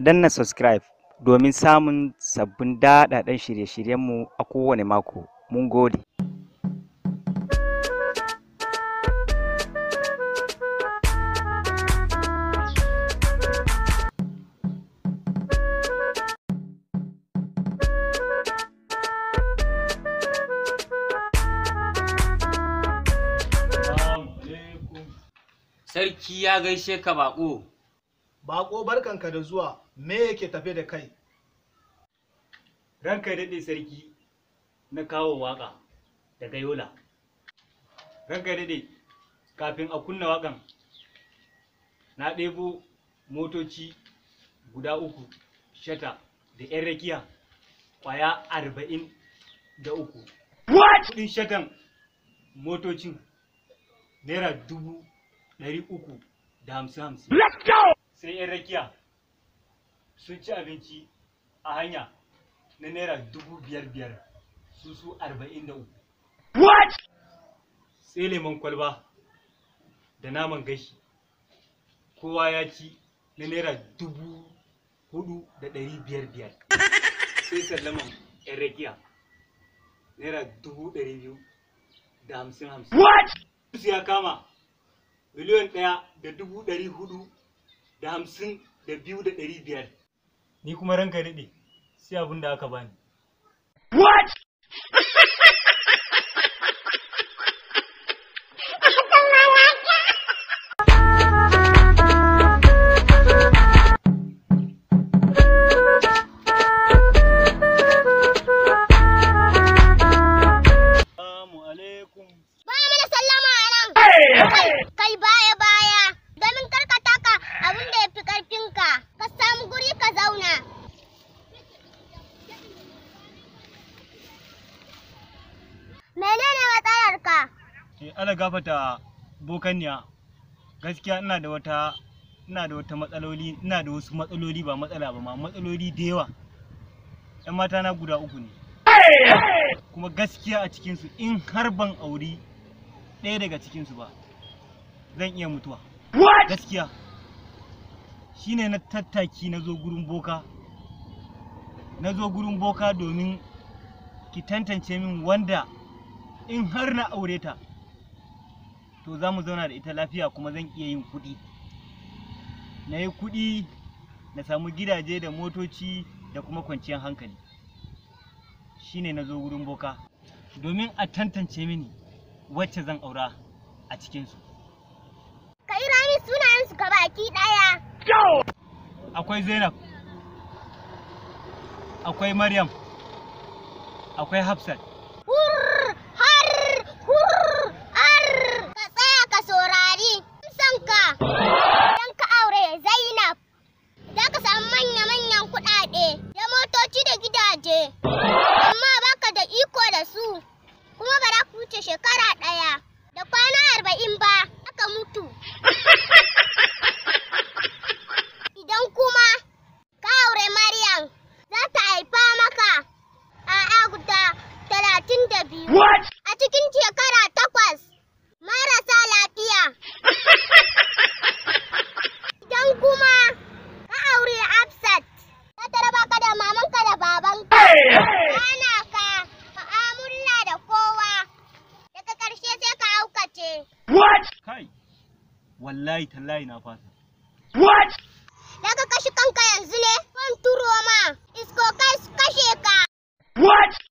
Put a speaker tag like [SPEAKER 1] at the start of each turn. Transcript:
[SPEAKER 1] a danna subscribe domin samun sabbin daɗaɗɗen shirye-shiryenmu a kowane mako. Mun gode. Sarki ya gaishe ka baƙo. Baƙo barkanka da zuwa me yake tafe da kai? Ranka daɗe sarki na kawo waƙa daga Yola. Ranka daɗe kafin a kunna waƙan na ɗebo motoci guda uku shata da 'yan rakiya ƙwaya arba'in da uku. What? Kuɗin shatan motocin naira dubu ɗari uku da hamsin hamsin. Let's go! sai yan rakiya sun ci abinci a hanya na naira dubu biyar biyar su su arba'in da uku what sai lemon kwalba da naman gashi kowa ya ci na naira dubu hudu da ɗari biyar biyar sai sallaman yan rakiya naira dubu ɗari biyu da hamsin hamsin what ya kama miliyan ɗaya da dubu ɗari hudu da hamsin da biyu da ɗari biyar. Ni kuma ranka daɗe sai abin da aka bani. What? Eh, ana gafata bokanya gaskiya ina da wata ina da wata matsaloli ina da wasu matsaloli ba matsala ba ma matsaloli da yawa yan mata na guda uku ne kuma gaskiya a cikinsu in har ban auri ɗaya daga cikinsu ba zan iya mutuwa gaskiya shine na tattaki na zo gurin boka na zo gurin boka domin ki tantance min wanda in har na aure ta to za mu zauna da ita lafiya kuma zan iya yin kuɗi na yi kuɗi na samu gidaje da motoci da kuma kwanciyar hankali shine na zo wurin boka domin a tantance mini wacce zan aura a cikinsu
[SPEAKER 2] ka yi rami sunayensu ka baki ɗaya
[SPEAKER 1] akwai zainab akwai maryam akwai hafsat wallahi tallahi na fasa what
[SPEAKER 2] daga kashi kanka yanzu ne kan turo ma isko kai kashe ka what